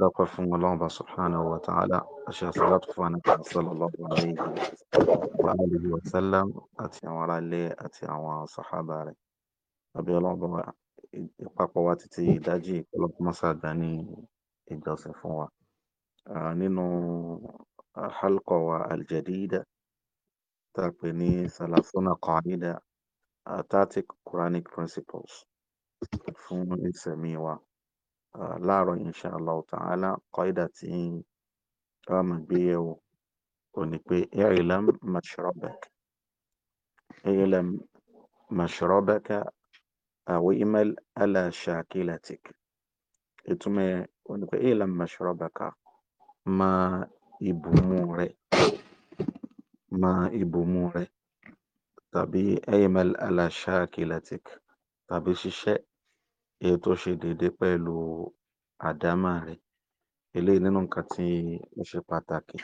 dọ́pẹ́ fún ọlọ́run bá subhanahu wa ta'ala aṣọ àṣàlátù fún àníkà sallallahu alayhi wa alihi wa sallam àti àwọn ará ilé àti àwọn sàhábà rẹ̀ àbí ọlọ́run bá ìpapọ̀ wa títí ìdájí ìpọlọpọ̀ mọ́sàgbá ní ìjọsìn fún wa nínú halqa wa aljadida tá a pè ní salasuna qaida thirty Quranic principles fún ìsẹ̀mí wa láàárọ̀ insha Allah ta'ala qaida tí a máa gbé yẹ̀wò ò ní pé i'lam mashrabak i'lam mashrabaka aw i'mal ala shakilatik ìtumọ̀ ò ní pé i'lam mashrabaka máa ìbùmú rẹ máa ìbùmú rẹ tàbí i'mal ala tàbí ṣiṣẹ́ èyí tó ṣe déédé pẹ̀lú àdámà rẹ̀. Eléyìí nínú nǹkan tí ó ṣe pàtàkì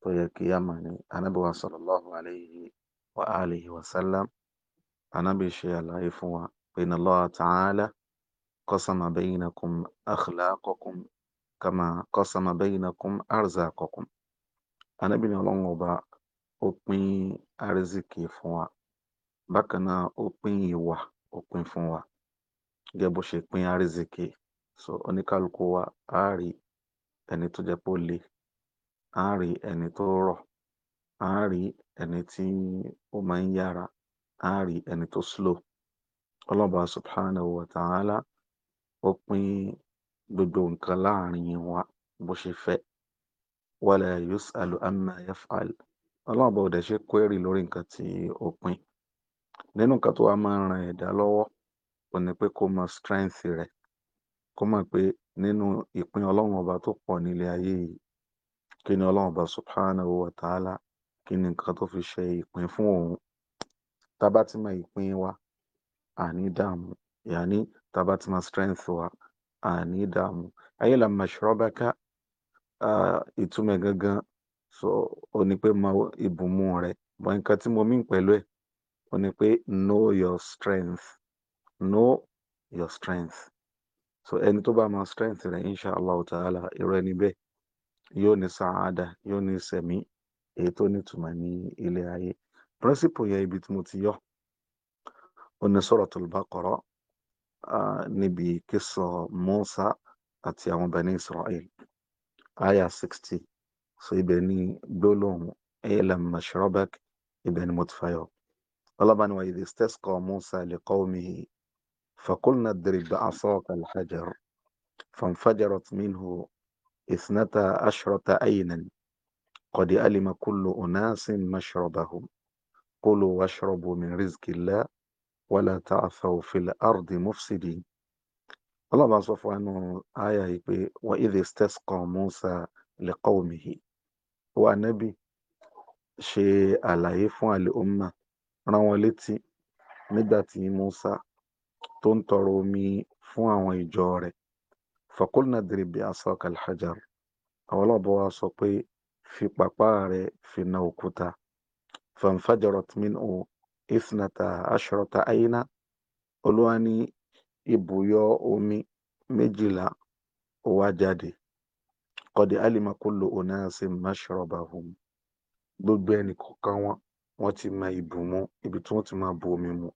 tó yẹ kí á mọ̀ ni Ànábì wa sallallahu alayhi wa alihi wa sallam. Ànábì ṣe àlàyé fún wa pé inna Allaha ta'ala qasama baynakum akhlaqakum kama qasama baynakum arzaqakum. Ànábì ní Ọlọ́run ọba ó pín àrísìkí fún wa. Bákan náà ó pín ìwà ó pín fún wa gẹ́gẹ́ bó ṣe pín àrísìkí so oníkálukú wa á rí ẹni tó jẹ́ pé ó le á rí ẹni tó rọ̀ á rí ẹni tí ó máa ń yára á rí ẹni tó slow ọlọ́ba subhanahu wa ta'ala ó pín gbogbo nǹkan láàrin wa bó ṣe fẹ́ wala yus'alu amma yaf'al ọlọ́ba ò dẹ̀ ṣe query lórí nǹkan tí ó pín nínú nǹkan tó wá máa ń ran ẹ̀dá lọ́wọ́ ò ní pé kó mọ strength rẹ̀ kó mọ̀ pé nínú ìpín ọlọ́run ọba tó pọ̀ nílé ayé yìí kí ni ọlọ́run ọba subhanahu wa ta'ala kí ni nǹkan tó fi ṣe ìpín fún òun tábà tí mọ ìpín wa àní dààmú yàní tábà tí mọ strength wa àní dààmú ayé la mashrabaka ìtumẹ̀ gangan so ó ní pé mọ ìbùmú rẹ̀ bọ̀ nǹkan tí mo mí pẹ̀lú ẹ̀ ó ní pé know your strength know your strength so ẹni tó bá mọ strength rẹ̀ inshallah ta'ala irú ẹni bẹ́ẹ̀ yóò ní sàádà yóò ní sẹ̀mí èyí tó nítumọ̀ ní ilé ayé principle yẹn ibi tí mo ti yọ ó ní suratul Baqara níbi kíso Musa àti àwọn Bani Israel aya sixty so ibẹ̀ ní gbólóhùn ilam mashrabak ibẹ̀ ni mo ti fayọ ọlọ́ba ni wa idh istasqa Musa liqawmihi. فقلنا اضرب بعصاك الحجر فانفجرت منه اثنتا عشرة عينا قد علم كل أناس مشربهم قلوا واشربوا من رزق الله ولا تعثوا في الأرض مفسدين الله بعض sọ fún ẹnu àyà yìí pé wọ́n شيء stẹ́sìkọ̀ Musa lè kọ́ omi yìí tó ń tọrọ omi fún àwọn ìjọ rẹ̀ faqulna idrib bi'asaka al-hajar àwọn ọlọ́ọ̀bọ wa sọ pé fi pàpà rẹ̀ fi na òkúta fanfajarat minhu ithnata ashrata ayna olúwa ní ibùyọ omi méjìlá ó wá jáde qad alima kullu unasin gbogbo ẹnì kọ̀ọ̀kan wọn wọ́n ti máa ìbùmú ibi tí wọ́n ti máa bu omi mu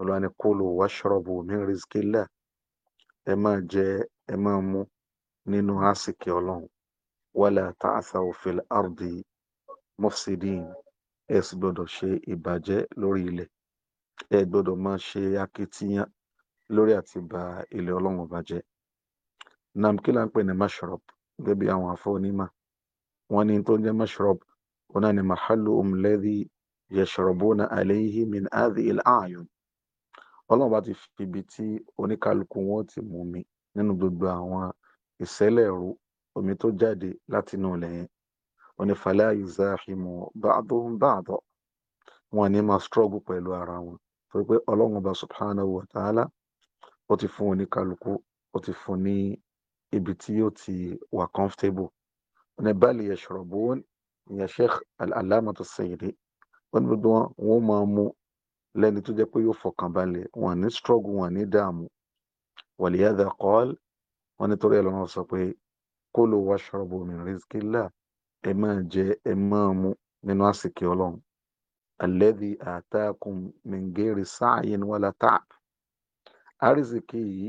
olúwa ní kulu washrabu min rizqillah ẹ máa jẹ ẹ máa mu nínú àsìkí ọlọ́run wala ta'thaw fil ardi mufsidin ẹ sì gbọ́dọ̀ ṣe ìbàjẹ́ lórí ilẹ̀ ẹ gbọ́dọ̀ máa ṣe akitiyan lórí àti ba ilẹ̀ ọlọ́run ọba jẹ́ nam kí là ń pè ní mashrab gẹ́gẹ́ bí àwọn afọ́nímọ̀ wọ́n ní tó ń jẹ́ mashrab wọn náà ní mahalu umlẹ́dí yashrabuna alayhi min adhi il aayun ọlọ́run bá ti fi ibi tí oníkálukú wọn ti mú mi nínú gbogbo àwọn ìṣẹ̀lẹ̀ ẹ̀rú omi tó jáde láti inú ilẹ̀ yẹn wọn ni fàlẹ́ àyùzá àfihàn ba'duhum ba'da wọn ni máa struggle pẹ̀lú ara wọn torí pé ọlọ́run bá subhanahu wa ta'ala ó ti fún oníkálukú ó ti fún ní ibi tí yóò ti wà comfortable wọn ni bal yashrabun ìyẹn sheikh al-alamatu as-Sayyidi wọn ni gbogbo wọn wọn máa mú lẹ́ni tó jẹ́ pé yóò fọkàn balẹ̀ wọn ní struggle wọn ní dààmú wàlíyàdà kọ́ọ́l wọn nítorí ẹ̀ lọ́wọ́ sọ pé kulu washrabu min rizqillah ẹ máa jẹ ẹ máa mu nínú àsìkò ọlọ́run alladhi ataakum min ghairi sa'yin wala ta'ab yìí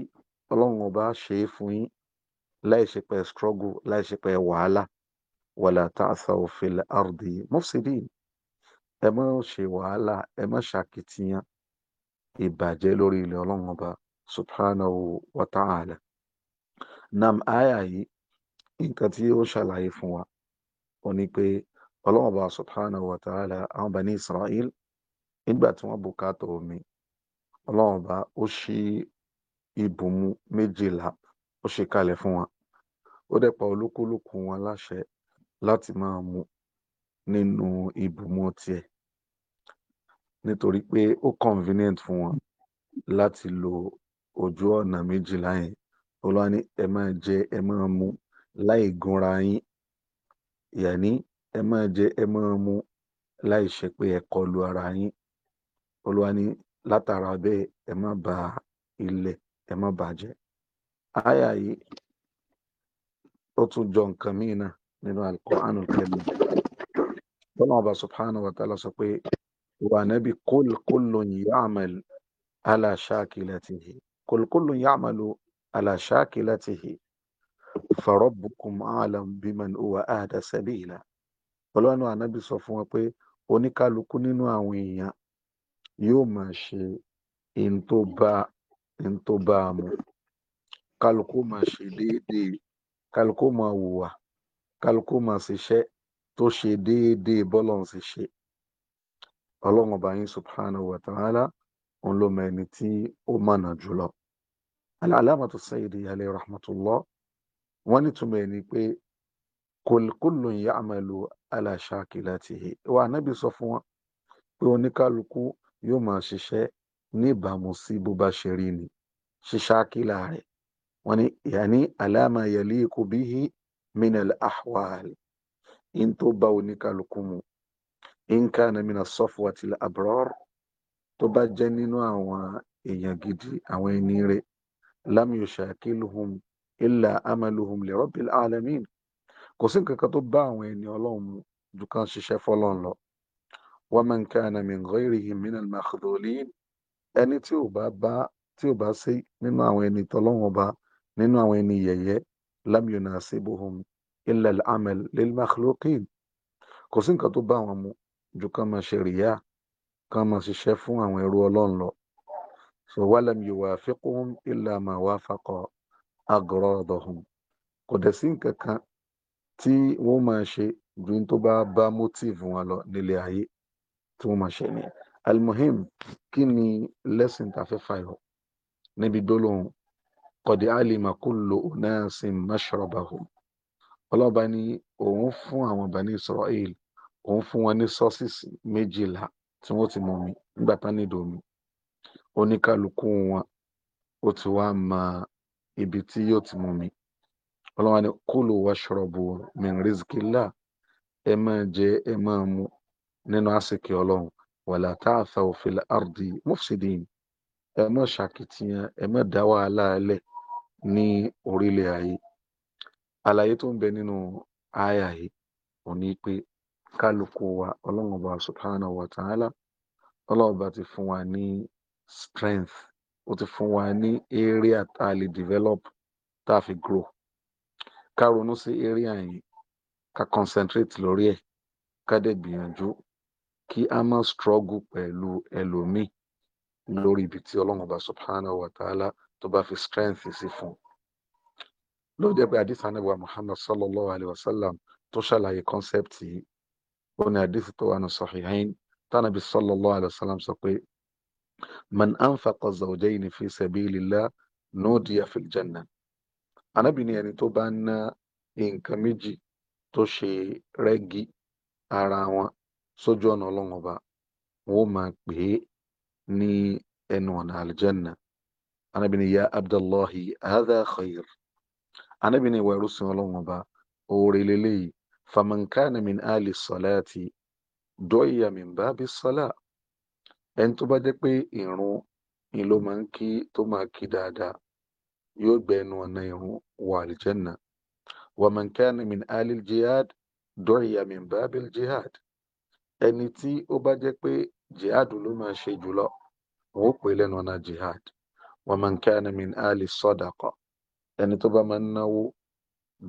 ọlọ́run ọba ṣe é fún yín láì ṣe pé struggle láì ṣe pé wàhálà wala ta'saw fil ardi mufsidin ẹ má ṣe wàhálà ẹ má ṣàkìtìyàn ìbàjẹ́ lórí ilẹ̀ ọlọ́run ọba subhanahu wa ta'ala nam aya yìí nǹkan tí ó ṣàlàyé fún wa ó ní pé ọlọ́run ọba subhanahu wa ta'ala àwọn bani israel nígbà tí wọ́n bùkátà omi ọlọ́run ọba ó ṣí ibùmú méjìlá ó ṣe kalẹ̀ fún wọn ó dẹ̀ olúkúlùkù wọn láṣẹ láti máa mu nínú ìbùmọ tiẹ nítorí pé ó convenient fún wọn láti lo ojú ọ̀nà méjìlá yẹn olúwa ní ẹ máa jẹ ẹ máa mu láì gúnra yín yàní ẹ máa jẹ ẹ máa mu láì ṣe pé ẹ kọlu ara yín olúwa ní látara bẹ́ẹ̀ ẹ má bà ilẹ̀ ẹ má bàjẹ́ àyà yìí ó tún jọ nǹkan míì náà nínú Al-Qur'anul Karim tọ́lọ́wọ́n bá subhanahu wa ta'ala sọ pé wà nábì kul kullun ya'mal ala shakilatihi kul kullun ya'malu ala shakilatihi fa rabbukum a'lam biman huwa ahda sabila ọlọ́run ànábì sọ fún wọn pé oníkálukú nínú àwọn èèyàn yóò máa ṣe in tó bá a mú kálukú máa ṣe déédéé kálukú máa hùwà kálukú máa ṣiṣẹ́ tó ṣe déédéé bọ́lọ́n sì ṣe ọlọ́run ọba yín subhanahu wa ta'ala òun ló mọ ẹni tí ó mọ̀nà jùlọ aláàlámàtò sayyidi alayhi rahmatullah wọ́n nítumọ̀ ẹ̀ ni pé kullun ya'malu ala shakilatihi wa anábì sọ fún wọn pé oníkálukú yóò máa ṣiṣẹ́ níbàámu sí bó bá ṣe rí ni ṣíṣákìlà rẹ̀ wọ́n ní yàní alama yaliqu bihi min al ahwal in tó bá oníkàlùkù mu in kana mina safwatil abrar tó bá jẹ́ nínú àwọn èèyàn gidi àwọn ẹni rẹ̀ lam yushakiluhum illa amaluhum li rabbil alamin kò sí nǹkan kan tó bá àwọn ẹni ọlọ́run mu ju kan ṣiṣẹ́ fọlọ́run lọ wa man kana min ghayrihim minal makhdhulin ẹni tí ò bá bá tí ò bá sí nínú àwọn ẹni tọ́lọ́run ọba nínú àwọn ẹni yẹ̀yẹ́ lam yunasibuhum illa al-amal lil-makhluqin kò sí nǹkan tó bá wọn mu ju kán máa ṣe rìyá kán máa ṣiṣẹ́ fún àwọn ẹrú ọlọ́run lọ so walam yuwafiquhum illa ma wafaqa agradahum kò dẹ̀ sí nǹkan kan tí wọ́n máa ṣe ju tó bá bá motive wọn lọ nílé ayé tí wọ́n máa ṣe ni almuhim kí ni lesson tá a fẹ́ fàyọ níbi gbólóhùn qad alima kullu unasin mashrabahum ọlọ́ọ̀bá ní òun fún àwọn Bani Israel òun fún wọn ní sources méjìlá tí wọ́n ti mú mi nígbà tá ní ìdòmí oníkálukú wọn ó ti wá mọ ibi tí yóò ti mú mi ọlọ́wọ́n ní kulu washrabu min rizqillah ẹ máa jẹ ẹ máa mu nínú àsìkò ọlọ́run wala ta'thaw fil ardi mufsidin ẹ má ṣàkìtìyàn ẹ má dá wàhálà lẹ̀ ní orílẹ̀ ayé àlàyé tó ń bẹ nínú àyà yìí ò ní pé kálukú wa ọlọ́run ọba subhanahu wa ta'ala ọlọ́run ti fún wa ní strength ó ti fún wa ní area tá a lè develop tá a fi grow ká ronú sí area yìí ká concentrate lórí ẹ̀ ká dẹ̀ gbìyànjú kí a má struggle pẹ̀lú ẹlòmíì lórí ibi tí ọlọ́run ọba subhanahu wa ta'ala tó bá fi strength sí fún un ló jẹ́ pé àdìsí anábíwá Muhammad sallallahu alayhi wa sallam tó ṣàlàyé kọ́nsẹ́pìtì yìí ó ní àdìsí tó wà ní Sahihain tánàbí sallallahu alayhi wa sallam sọ pé man anfaqa zawjayni fi sabilillah nudiya fil janna anábì ni ẹni tó bá ná nǹkan méjì tó ṣe rẹ́gí ara wọn sójú ọ̀nà ọlọ́run ọba wọ́n máa pè é ní ẹnu ọ̀nà àlùjànnà anábì ni abdullahi hadha khair anábì ní ìwà ẹrúsìn ọlọ́run ọba oore lélẹ́yìí famankana min ali sọláàtì dọ́ìyà min bábi sọlá ẹni tó bá jẹ́ pé ìrun ni ló máa ń kí tó máa kí dáadáa yóò gba ẹnu ọ̀nà ìrun wọ àlìjẹ́nà wamankana min ali jihad dọ́ìyà min bábi jihad ẹni tí ó bá jẹ́ pé jihad ló máa ṣe jùlọ òun ó pè lẹ́nu ọ̀nà jihad wamankana min ali sọdàkọ̀ ẹni tó bá máa ń náwó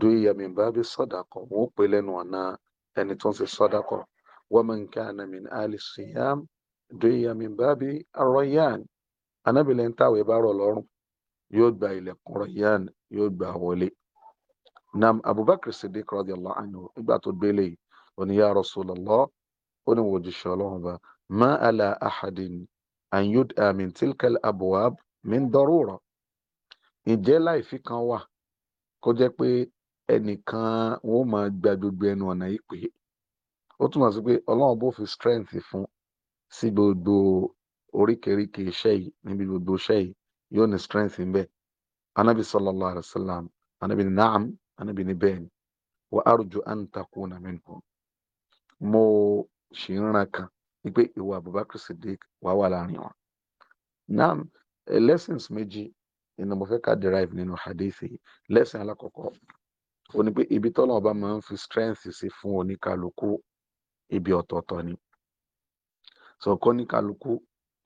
du'iya min babi sadaqa wọn ò pè lẹ́nu ọ̀nà ẹni tó ń ṣe sadaqa wa man kana min ahli siyam du'iya min babi ar-rayyan anábìlẹ̀ ń táwé bá rọ̀ lọ́rùn yóò gba ilẹ̀kùn rayyan yóò gba wọlé. nam abubakar siddiq radiyallahu anhu ìgbà tó gbélé yìí ó ní ya ó ní wòjúṣẹ́ ọlọ́run bá ma ala ahadin an yud'a min tilkal abwab min darura ǹjẹ́ láìfi kan wà kó jẹ́ pé ẹnìkan wọn ó máa gba gbogbo ẹnu ọ̀nà yìí pé ó túmọ̀ sí pé ọlọ́run bó fi strength fún sí gbogbo oríkèéríkèé iṣẹ́ yìí níbi gbogbo iṣẹ́ yìí ní strength anabi sallallahu alayhi wa sallam anabi ni naam anabi ni bẹ́ẹ̀ ni wa mo ṣì ń kan wípé ìwà wà wà láàrin wọn naam lessons méjì ìnà mo fẹ́ ká derive nínú hadithi lesson alákọ̀ọ́kọ́ ó ní pé ibi tọ́lọ̀ ọba máa ń fi strength sí fún oníkálukú ibi ọ̀tọ̀ọ̀tọ̀ ni so kóníkálukú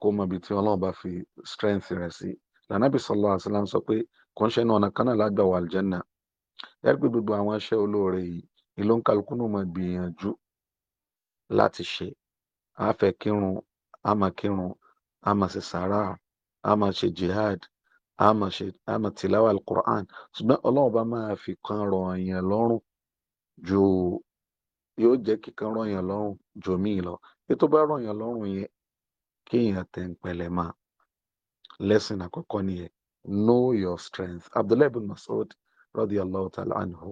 kó mọ ibi tí ọlọ́run bá fi strength rẹ̀ sí lànàbí sọlọ àṣìláàmù sọ pé kọ́ńṣẹ́ náà ọ̀nà kan náà lágbà wà àlùjẹ́nà ẹgbẹ́ gbogbo àwọn iṣẹ́ olóore yìí ìlú ń kálukú náà mọ gbìyànjú láti ṣe àfẹ́ kírun àmà kírun àmà ṣe àmà ṣe jihad àmọ̀ ṣe àmọ̀ tìláwà alukur'an ṣùgbọ́n ọlọ́run bá máa fi kan rọ̀ yẹn lọ́rùn ju yóò jẹ́ kíkan rọ̀ yẹn lọ́rùn ju míì lọ ètò bá rọ̀ yẹn lọ́rùn yẹn kéèyàn tẹ̀ ń pẹ̀lẹ́ máa lesson àkọ́kọ́ nìyẹn know your strength abdullahi bin masoud radiyallahu ta'ala anhu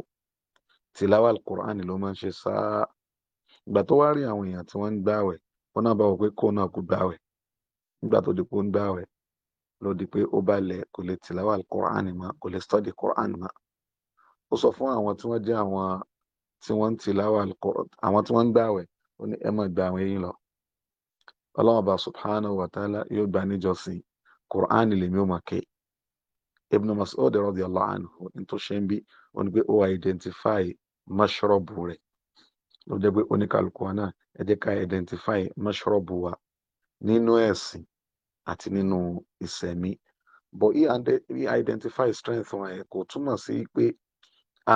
tìláwà alukur'an ló máa ń ṣe sáà ìgbà tó wá rí àwọn èèyàn tí wọ́n ń gbàwẹ̀ wọn náà bá wọ pé kóun náà kú gbàwẹ̀ nígbà tó di pé ń gbàwẹ̀ Lo di pé ó balẹ̀ kò lè tìláwà alukur'an mọ́ kò lè study Quran mọ́ ó sọ fún àwọn tí wọ́n jẹ́ àwọn tí wọ́n ń tìláwà alukur'an àwọn tí wọ́n ń gbàwẹ̀ ó ní ẹ má gba àwọn eyín lọ ọlọ́wọ́n bá subhanahu wa ta'ala yóò gba níjọsìn kur'an lèmi ó máa ké ibn Mas'ud radiyallahu anhu ní tó ṣe ń bí ó ní pé ó wà identify mashrobu rẹ̀ ló jẹ́ pé oníkàlùkù wa náà ẹ jẹ́ ká identify mashrobu wa nínú ẹ̀sìn àti nínú ìsẹ̀mí but e-identify strength wọn yẹn kò túmọ̀ sí pé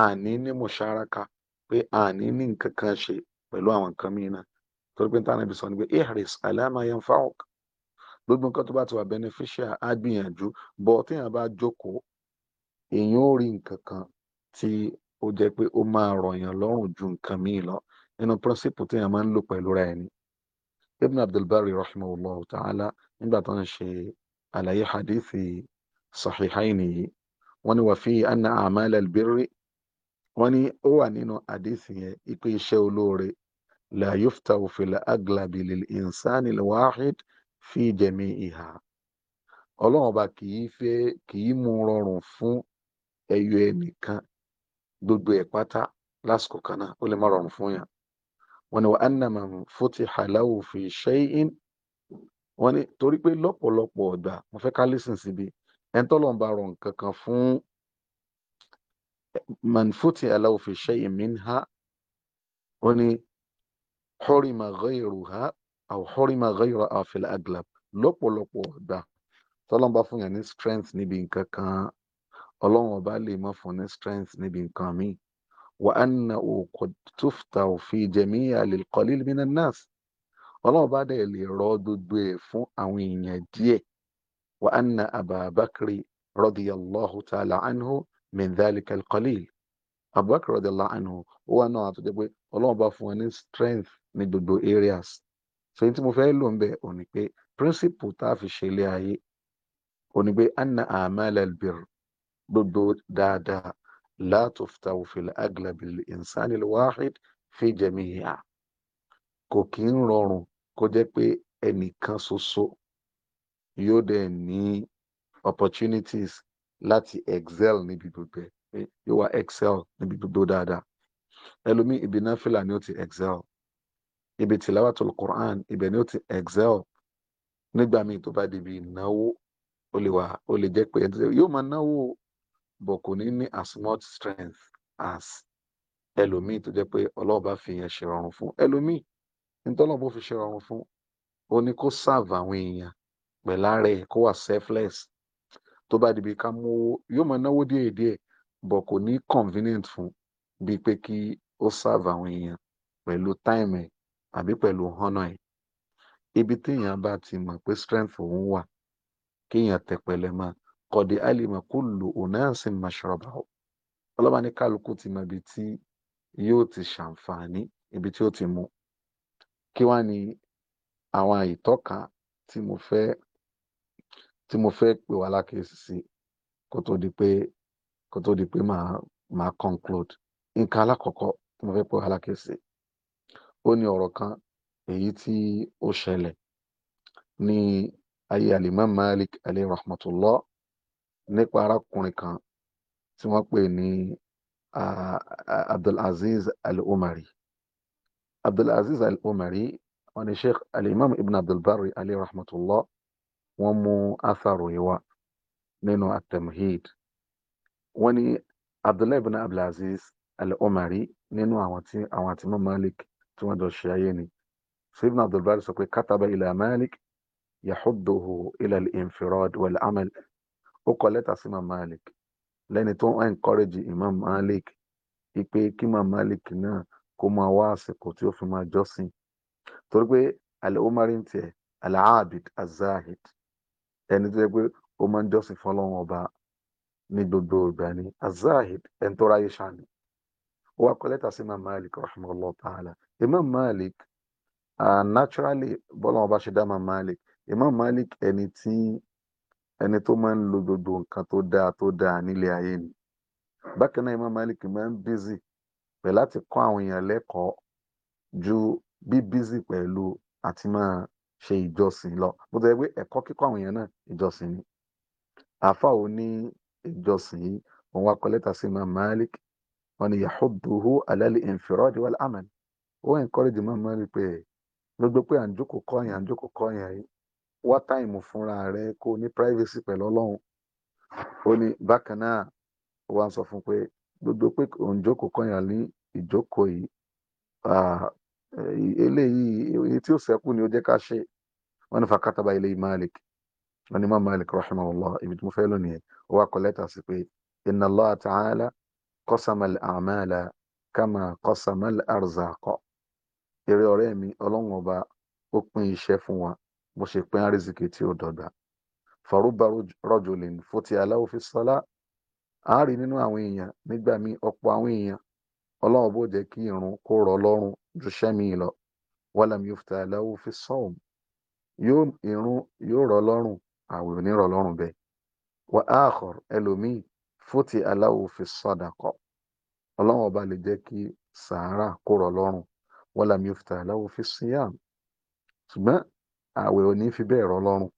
a ní ní mọ̀ṣáraka pé a ní ní nǹkan kan ṣe pẹ̀lú àwọn nǹkan míì náà torí pé táwọn ẹbí sọ ni pé ihris alama yanfa'uk gbogbo nǹkan tó bá ti wà beneficial á gbìyànjú bọ́ téèyàn bá jókòó èèyàn ó rí nǹkan kan tí ó jẹ́ pé ó máa rọ̀yàn lọ́rùn ju nǹkan míì lọ nínú principle téèyàn máa ń lò pẹ̀lú ra ni. ibn abdulbari rahimahullah ta'ala nígbà tó ń ṣe àlàyé hadithi sahihaini yìí wọ́n ní wà fi anna amal albirri wọ́n ní ó wà nínú hadithi yẹn ipe iṣẹ́ olóore la yuftahu fil aglabi lil insani wahid fi jami'iha ọlọ́run ọba kì í fẹ́ kì í mú rọrùn fún ẹyọ ẹnìkan gbogbo ẹ̀ pátá lásìkò kan náà ó lè má rọrùn fún yàn wọ́n ní wa anna man futiha lahu fi shay'in wọ́n ní torí pé lọ́pọ̀lọpọ̀ ọ̀gbà mo fẹ́ ká lísìn síbi ẹni tọ́lọ̀ ń bá rọ nǹkan kan fún man futiha lahu fi shay'in minha wọ́n ní hurima ghayruha aw hurima ghayruha fil aglab lọ́pọ̀lọpọ̀ ọ̀gbà tọ́lọ́n bá fún yàn strength níbi nǹkan kan ọlọ́run lè má fún ní strength níbi nǹkan míì وأنه قد تفتح في جميع للقليل من الناس ọlọ́run bá dẹ̀ lè rọ gbogbo ẹ̀ fún àwọn èèyàn díẹ̀ wa anna abubakar radiyallahu ta'ala anhu min dhalika alqalil abubakar radiyallahu anhu ó wà náà àtúnjẹ pé ọlọ́run bá fún wọn ní strength ní gbogbo areas so ní tí mo fẹ́ lò ń bẹ̀ ò pé principle tá a fi ṣe ilé ayé ò pé anna amal albir gbogbo dáadáa لا تفتو في الأغلب الإنسان الواحد في جميعها kò kí ń rọrùn kó jẹ́ pé ẹnìkan ṣoṣo yóò dẹ̀ ní opportunities láti excel níbi gbogbo ẹ̀ yóò wá excel níbi gbogbo dáadáa ẹlòmíì ibi náfìlà ni ó ti excel ibi tìláwàtul Qur'an ibẹ̀ ni ó ti excel nígbà míì tó bá débi ìnáwó ó lè wà ó lè jẹ́ pé yóò máa náwó bọ̀ kò ní ní as much strength as ẹlòmíì tó jẹ́ pé ọlọ́run bá fi yẹn ṣe rọrùn fún ẹlòmíì nítọ́lọ́run bó fi ṣe fún ó ní kó serve àwọn èèyàn pẹ̀lá kó wà selfless tó bá dìbí ká mú owó yóò máa náwó díẹ̀ díẹ̀ bọ̀ kò ní convenient fún bíi pé kí ó serve àwọn èèyàn pẹ̀lú time ẹ̀ àbí pẹ̀lú ọ̀nà ẹ̀ ibi téèyàn bá ti mọ̀ pé strength òun wà kéèyàn tẹ̀pẹ̀lẹ̀ máa kọ̀dé alima kullu unasin mashrabahum ọlọ́ba ní kálukú ti mọ ibi tí yóò ti ṣàǹfààní ibi tí ó ti mú kí wá ní àwọn ìtọ́ka tí mo fẹ́ tí mo fẹ́ pè wá lákèésí sí kó tó di pé kó tó di pé màá màá conclude nǹkan alákọ̀ọ́kọ́ tí mo fẹ́ pè wá lákèésí ó ní ọ̀rọ̀ kan èyí tí ó ṣẹlẹ̀ ní ayé alimami Malik alayhi rahmatullah nípa arákùnrin kan tí wọ́n pè ní abdulaziz al-umari abdulaziz al-umari wọ́n ní sheikh al-imam ibn abdulbari alayhi rahmatullah wọ́n mú atharu ìwà nínú at-tamhid wọ́n ní abdullahi ibn abdulaziz al-umari nínú àwọn tí àwọn àti mọ́ malik tí wọ́n jọ ṣe ayé ni ibn abdulbari sọ pé kataba ila malik yahudduhu ila al-infirad ó kọ lẹ́tà sí Imam Malik lẹ́ni tó ń Imam Malik ipe kí Imam Malik náà kó máa wá àsìkò tí ó fi máa jọ́sìn torí pé alẹ́ omari ń tiẹ̀ azahid ẹni tó yẹ pé ó máa ń jọ́sìn fọlọ́run gbogbo ìgbà ni azahid ẹni tó ó wá Malik ta'ala Imam Malik uh, naturally Malik Imam Malik ẹni tó máa ń lo gbogbo nǹkan tó dáa tó dáa nílé ayé ni bákan náà Imam Malik máa ń bízì pẹ̀ láti kọ́ àwọn èèyàn lẹ́kọ̀ọ́ ju bí bízì pẹ̀lú àti máa ṣe ìjọsìn lọ bó ti rẹ pé ẹ̀kọ́ kíkọ́ àwọn èèyàn náà ìjọsìn ni àáfà ò ní ìjọsìn yìí òun wá kọ lẹ́tà sí Imam Malik wọn ni yahuduhu alali infiradi wal amal ó encourage Imam Malik pé gbogbo pé à ń jókòó kọ́ yẹn à ń jókòó kọ́ yẹn yìí wá táìmù fúnra rẹ kó ní privacy pẹ̀lú ọlọ́run ó ní bákan náà ó wá ń sọ fún pé gbogbo pé òun jókòó kọyàn ní ìjókòó yìí eléyìí èyí tí ó ṣẹ́kù ni ó jẹ́ ká ṣe wọ́n ní fakataba ilé malik wọ́n ní má malik rahimahullah ibi tí mo fẹ́ lónìí ẹ̀ ó wá kọ lẹ́tà sí pé inna allah ta'ala qasama al-a'mala kama qasama al-arzaqa eré ọ̀rẹ́ mi ọlọ́run ọba ó pín iṣẹ́ fún wa bó ṣe pín àrísìkì tí ó dọ́gba faruba rọjòlin fòtí aláwòfin sọlá àárí nínú àwọn èèyàn nígbà míì ọ̀pọ̀ àwọn èèyàn ọlọ́run bó jẹ́ kí irun kó rọ̀ lọ́rùn ju sẹ́mi lọ wàlámù yóò fìtà aláwòfin sọ́ọ̀m irun yóò rọ̀ lọ́rùn àwẹ̀ ò ní rọ̀ lọ́rùn bẹ́ẹ̀ wà áàkọ̀r ẹlòmíì fòtí aláwòfin sọ́dàkọ̀ ọba lè jẹ́ kí sàárà kó rọ̀ lọ́rùn wàlámù yóò fìtà aláwòfin síyàm àwẹ̀ ò ní fi bẹ́ẹ̀ rọ̀ lọ́rùn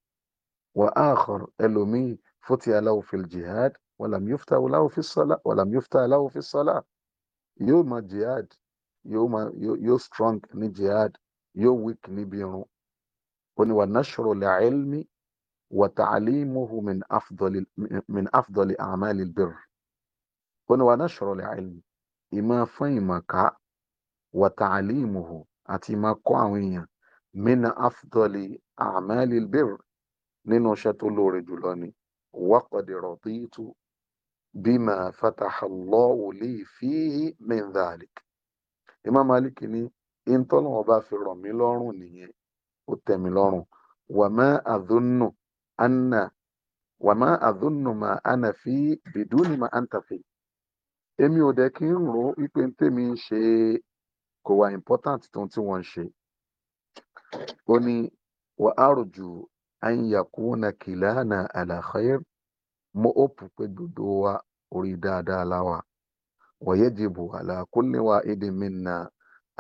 wà á àkọrọ ẹlòmíì fúti aláwọ fi jihad wàlàm yófta aláwọ fi sọlá wàlàm yófta aláwọ fi sọlá yóò máa jihad yóò máa yóò strong ní jihad yóò weak níbi irun ó ní wà nashru la'ilmi wà ta'alimuhu min min afdali a'mali albir ó ní wà nashru la'ilmi ìmọ̀ fún ìmọ̀ ká wà ta'alimuhu àti ìmọ̀ kọ́ àwọn èèyàn min afdali a'mali albir nínú iṣẹ́ tó lóore jùlọ ni waqad raditu bima fataha Allahu li fihi min dhalik Imam Malik ní ìtọ́nà ọba fi rọ̀ mí lọ́rùn nìyẹn ó tẹ̀ mí lọ́rùn wàmá àdúnnù anna wàmá àdúnnù mà ànà fi bìdúnì mà àǹtà fi èmi ò dẹ̀ kí n rò ó wípé tèmi ń ṣe kò wà important tó tí wọ́n ń ṣe ó ní wà á rọ̀jù anyakuna kìláàna ala khair mo òpù pé gbogbo wa orí dáadáa láwa wàyẹ́jìbù ala kulli wahidin minna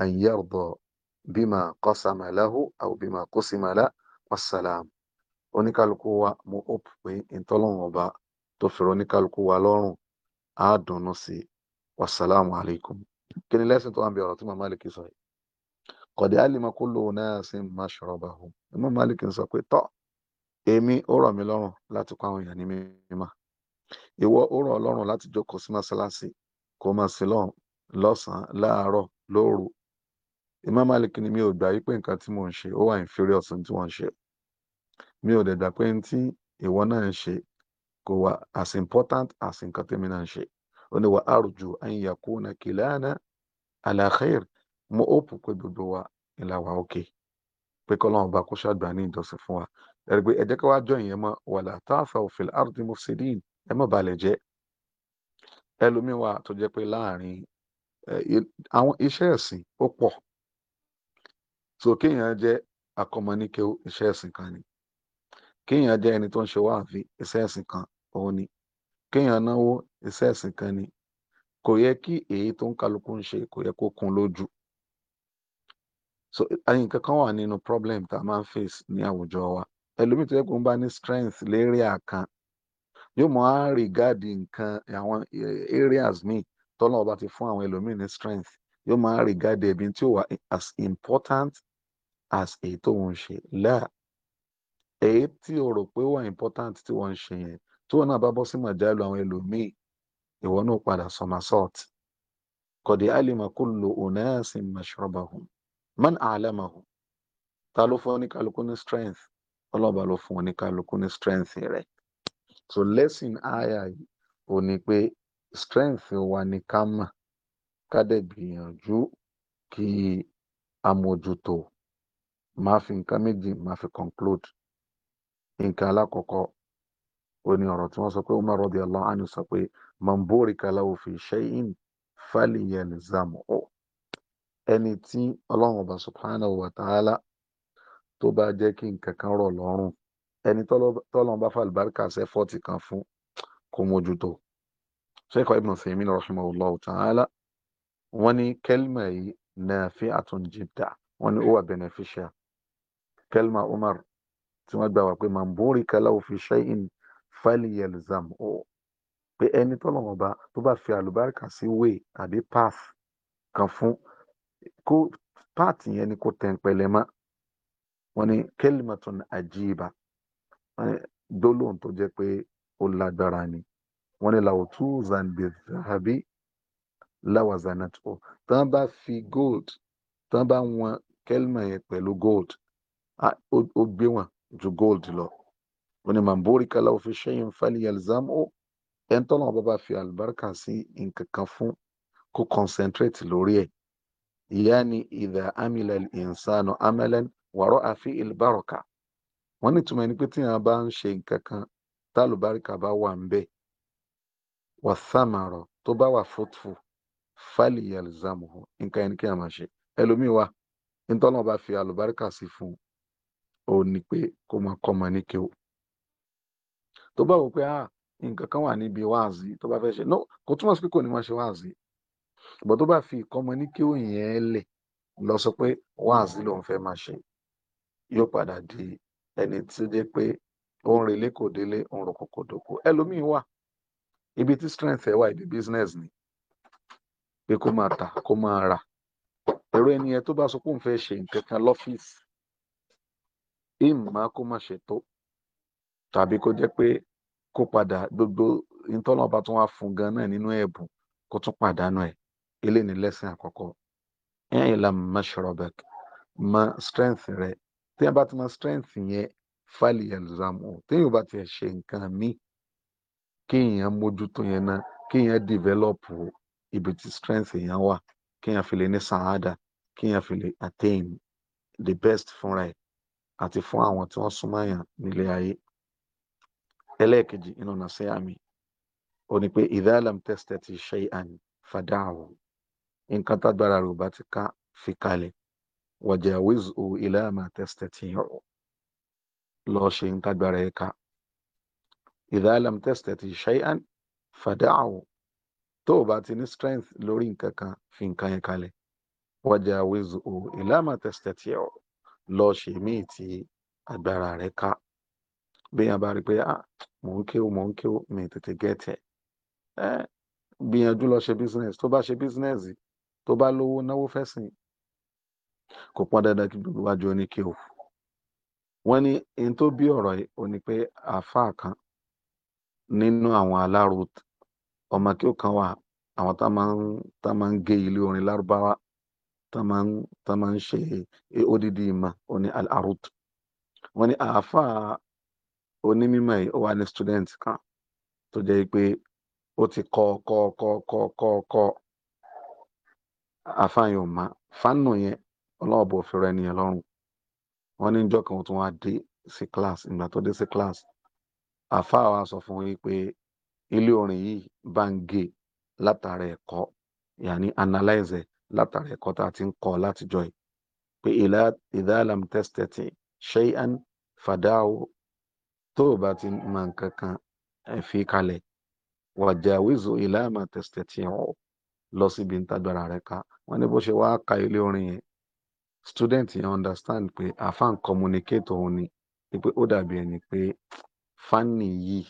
an yarda bímà qasama lahu aw bímà qusima la wassalam oníkálukú wa mo òpù pé ìtọ́lọ́wọ̀n ọba tó fẹ̀rẹ̀ oníkálukú wa lọ́rùn á dùnnú sí wassalamu alaikum kí ni lẹ́sìn tó wà ń bí ọ̀rọ̀ tí màmá lè kí sọ yìí kọ̀dé àlìmọ́ kó lòun náà sì máa ṣọ̀rọ̀ bá òun Imam Malik sọ pé tọ́ èmi ó rọ̀ mí lọ́rùn láti kọ́ àwọn èèyàn ní mímọ́ ìwọ ó rọ̀ lọ́rùn láti jókòó sí mọ́ṣáláṣí kó máa sí lọ́hùn lọ́sàn-án láàárọ̀ lóru Imam Malik ni mi ò gbà yí pé nǹkan tí mò ń ṣe ó wà inferior sí tí wọ́n ṣe mi ò dẹ̀ pé tí ìwọ náà ń ṣe kò wà as important as nǹkan tèmi náà ń ṣe ó ní wà arju an yakuna kilana ala khair mo hope pé gbogbo wa ńlá wa òkè pé kọ́lọ́run ọba kó ṣàgbà ní ìjọsìn fún wa ẹ̀rí pé ẹ jẹ́ ká wá jọ ìyẹn mọ́ wàlà táàfà fil ardi mufsidin ẹ mọ̀ balẹ̀ jẹ́ ẹlòmíín tó jẹ́ pé láàrin àwọn iṣẹ́ ẹ̀sìn ó pọ̀ so kéèyàn jẹ́ akọ́mọníkẹ́ iṣẹ́ ẹ̀sìn kan ni kéèyàn jẹ́ ẹni tó ń ṣe wáàfin iṣẹ́ ẹ̀sìn kan òun ni kéèyàn náwó iṣẹ́ ẹ̀sìn kan ni kò yẹ kí èyí tó ń kálukú ń ṣe kò yẹ kó kún lójú so nǹkan kan wà nínú problem tá a máa ń face ní àwùjọ wa ẹlòmíì tó yẹ kó ń bá ní strength léríà kan yóò mọ á regard nǹkan àwọn areas míì tọ́lọ́ ọba ti fún àwọn ẹlòmíì ní strength yóò mọ á regard ẹ̀bí tí ó wà as important as èyí tó ń ṣe láà èyí tí o rò pé wà important tí wọ́n ń ṣe yẹn tí wọ́n náà bá bọ́ sí màjálù àwọn ẹlòmíì ìwọ náà padà somersault kọ̀dé alima kullu unasin mashrabahum man alamahu ta ló fún oníkálukú ní strength ọlọ́ọ̀bá ló fún oníkálukú ní strength rẹ̀ so lesson aya yìí ò ní pé strength wa ni ká mọ̀ ká dẹ̀ gbìyànjú kí amójútó máa fi nǹkan méjì máa fi conclude nǹkan alákọ̀ọ́kọ́ ó ní ọ̀rọ̀ tí wọ́n sọ pé Umar radiyallahu anhu sọ pé man burika lahu fi shay'in falyalzamhu ẹni tí ọlọ́run ọba subhanahu wa ta'ala tó bá jẹ́ kí nǹkan kan rọ̀ lọ́rùn ẹni tọ́lọ́run bá fàlùbáríkà sẹ́fọ́ọ̀tì kan fún kó mójútó sheikh ibn Uthaymeen rahimahullah ta'ala wọ́n ní kẹ́lìmà yìí nafi'atun jidda wọ́n ní ó wà beneficial kẹ́lìmà Umar tí wọ́n gbà wá pé man burika lahu fi shay'in falyalzamhu pé ẹni tọ́lọ́run ọba tó bá fi àlùbáríkà sí way àbí path kan fún kó páàtì yẹn ni kò tẹ̀ǹpẹ̀lẹ̀ mọ́ wọ́n ní kẹ́lìmọ̀tún àjíìbá wọ́n ní gbólóhùn tó jẹ́ pé ó lágbára ni wọ́n ní làwùtú zanbi zahabi láwàzánàtò tán bá fi gold tán bá wọn kẹ́lìmọ̀ yẹn pẹ̀lú gold ó gbé wọn ju gold lọ wọ́n ní mambori kala òfin ṣẹ́yìn fali alzam ó ẹ̀ńtọ́nà bàbá fi àlùbáríkà sí nǹkan kan fún kó concentrate lórí ẹ̀. يعني إذا عمل الإنسان عملا ورأى فيه البركة wọ́n ní túmọ̀ ẹni pé tíyàn bá ń ṣe nǹkan kan tálùbáríkà bá wà ń bẹ̀ wà sàmàrọ̀ tó bá wà fruitful fálì yalzamuhu nǹkan ẹni kí a máa ṣe ẹlòmíì wà nítorí wọn fi àlùbáríkà sí fún ó ní pé kó máa kọ́ ọmọ ní kéwò tó bá wò pé ah, nǹkan kan wà níbi wáàzí tó bá fẹ́ ṣe no kò túmọ̀ sí pé kò ní máa ṣe wáàzí ṣùgbọ́n tó bá fi ìkọ́mọ ní kí òyìn ẹ lẹ̀ lọ sọ pé wáàsí mm. lòun fẹ́ máa ṣe yóò padà di ẹni tí ó jẹ́ pé ó ń relé kò délé ó ń rọ̀kọ̀ kò dóko ẹlòmíín wà ibi tí strength ẹ wà ibi business ni pé kó máa tà kó máa rà ẹ̀rọ ẹni yẹn tó bá sọ pé òun fẹ́ ṣe nǹkan kan lọ́fíìsì ìmọ̀ kó má ṣe tó tàbí kó jẹ́ pé kó padà gbogbo ìtọ́nà ọba tó wá fún gan náà nínú ẹ̀bùn kó tún pàdánù ẹ̀ eléyìí ni lẹ́sìn àkọ́kọ́ i'lam mashrabak mọ strength rẹ tí a bá ti mọ strength yẹn fali yalzamu tí yóò bá ti ṣe nǹkan míì kéèyàn mójútó yẹn náà kéèyàn develop ibi tí strength yẹn wà kéèyàn fi lè ní sàádà kéèyàn fi lè attain the best fúnra ẹ̀ àti fún àwọn tí wọ́n súnmọ́ yàn nílé ayé ẹlẹ́ẹ̀kejì inú nàṣẹ́ àmì ó ní pé idha lam tastati shay'an fada'hu nǹkan tágbára rẹ̀ ò bá ti ká fi kalẹ̀ wajawizhu ila ma tastati'u lọ ṣe ń tágbára ẹ̀ ká idha lam tastati shay'an fada'u tó o bá ti ní strength lórí nǹkan kan fi nǹkan yẹn kalẹ̀ wajawizhu ila ma tastati'u lọ ṣe míì tí agbára rẹ̀ ká bíyàn bá rí pé ah mò ń kéwò mò ń kéwò mi tètè gẹ́tẹ̀ ẹ́ gbìyànjú lọ ṣe business tó bá ṣe business tó bá lówó náwó fẹ́sìn kò pọn dandan kí gbogbo wájú ó ní kí o wọ́n ní in tó bí ọ̀rọ̀ yìí ó ní pé àáfàá kan nínú àwọn alárò ọmọ kí ó kan wà àwọn tá máa ń tá máa ń gé ilé orin lárúbáwá tá máa máa ń ṣe odidi ìmọ̀ ó ní alárùt wọ́n ní àáfàá onímọ̀ yìí ó wà ní student kan tó jẹ́ pé ó ti kọ́ kọ́ kọ́ kọ́ kọ́ kọ́ àfààyàn ọ̀ma fánà yẹn ọlọ́ọ̀bù òfìrẹ́ ẹni yẹn lọ́rùn wọ́n ní níjọ́ kan tó wá dé sí class ìgbà tó dé sí class àfáà wa sọ fún yín pé ilé orin yìí bá ń gé látara ẹ̀kọ́ yàní analyze látara ẹ̀kọ́ tá a ti ń kọ́ látijọ́ yìí pé idha lam tastati shay'an fada'u tó o bá ti mọ nǹkan kan fi kalẹ̀ wajawizu ila ma tastati'u lọ síbi ń tagbára rẹ̀ ká wọ́n ní bó ṣe wá ka ilé orin yẹn student yẹn understand pé afan communicate òun ni pé ó dàbí ẹni pé fanni yìí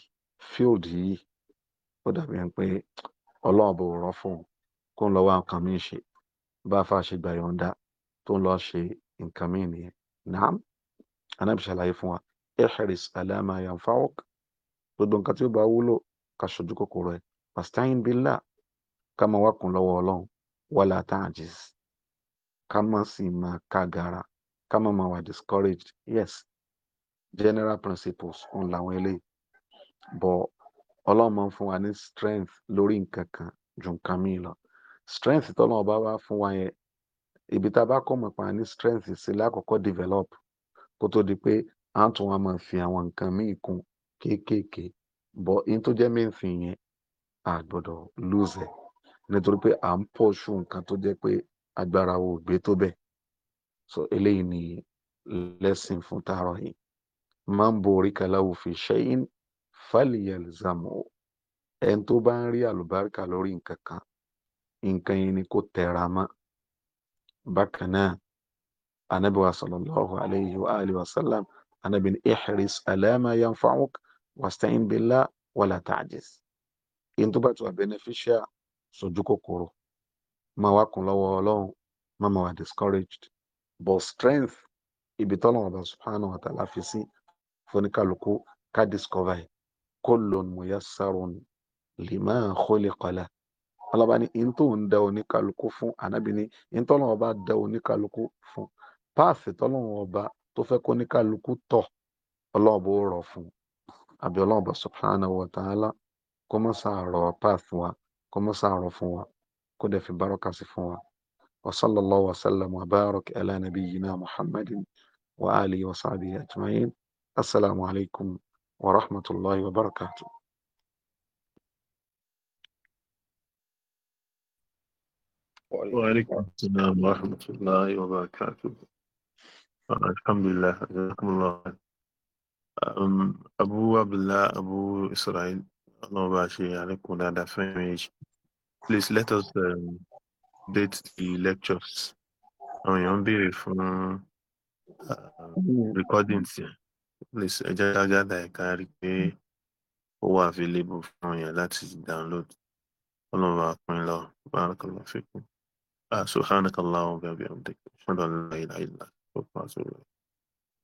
field yìí ó dàbí ẹni pé ọlọ́run bò rán fún un kó ń lọ wá nǹkan mí ṣe bá a fa ṣe gbà yọ̀ǹda tó ń lọ ṣe nǹkan mí nìyẹn naam anábì ṣàlàyé fún wa ihris alama yanfawok gbogbo nǹkan tí ó bá wúlò ká ṣojú kòkòrò ẹ pastain billah ká máa wákùn lọ́wọ́ ọlọ́run wala ta'jiz ká má sì máa kágara ká má máa wà discouraged yes general principles òun làwọn eléyìí bọ ọlọ́run máa ń fún wa ní strength lórí nǹkan kan ju nǹkan míì lọ strength tọ́lọ́run bá wá ibi tá bá kọ́ mọ̀ pa ní strength sí lákòókò develop kó tó di pé à ń tún wa máa fi àwọn nǹkan míì kún kéékèèké bọ in tó jẹ́ main thing yẹn a lose it nítorí pé à ń pọ̀ ṣù nǹkan tó jẹ́ pé agbára wo gbé tó bẹ̀ so eléyìí ni lẹ́sìn fún tààrọ̀ yìí máa ń borí kaláwo fi ṣẹ́yìn fàlìyàlìzàmù ẹni tó bá ń rí àlùbáríkà lórí nǹkan kan nǹkan yìí ni kò tẹra mọ́ bákan náà anabi wa sallallahu alayhi wa alihi wa sallam anabi ni ihris alama yanfa'uk wasta'in billah wala ta'jiz in tó bá tó a beneficial sojú kòkòrò máa wá kún lọ́wọ́ ọlọ́run má máa wà discouraged but strength ibi tọ́lọ̀ ọba subhanahu wa ta'ala fi sí fúnikàlùkù ká discover ẹ̀ kullun muyassarun lima khuliqa lahu ọlọ́ba ní in tó ń da oníkàlùkù fún ànábì ní in tọ́lọ̀ ọba da oníkàlùkù fún páàsì tọ́lọ̀ ọba tó fẹ́ kó oníkàlùkù tọ̀ ọlọ́ọ̀bù rọ̀ fún àbí ọlọ́ọ̀bà subhanahu wa ta'ala kó má sàárọ̀ páàsì wa. kó mọ́sá àrọ̀ fún wa kó dẹ̀ fi bárọ̀kà sí fún wa وصلى الله وسلم وبارك على نبينا محمد وآله وصحبه أجمعين السلام عليكم ورحمة الله وبركاته وعليكم السلام ورحمة الله وبركاته الحمد لله جزاكم الله أبو عبد الله أبو إسرائيل Please let us um, date the lectures. Àwọn èèyàn ń béèrè fún uh, recordings Please I just ká gádà ẹ̀ka rí pé ó wà available from àwọn èèyàn láti download. Ọlọ́run bá pín in lọ, barakallahu fikum. سبحانك اللهم وبحمدك أشهد أن لا إله إلا أنت أستغفرك وأتوب إليك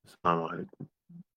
السلام عليكم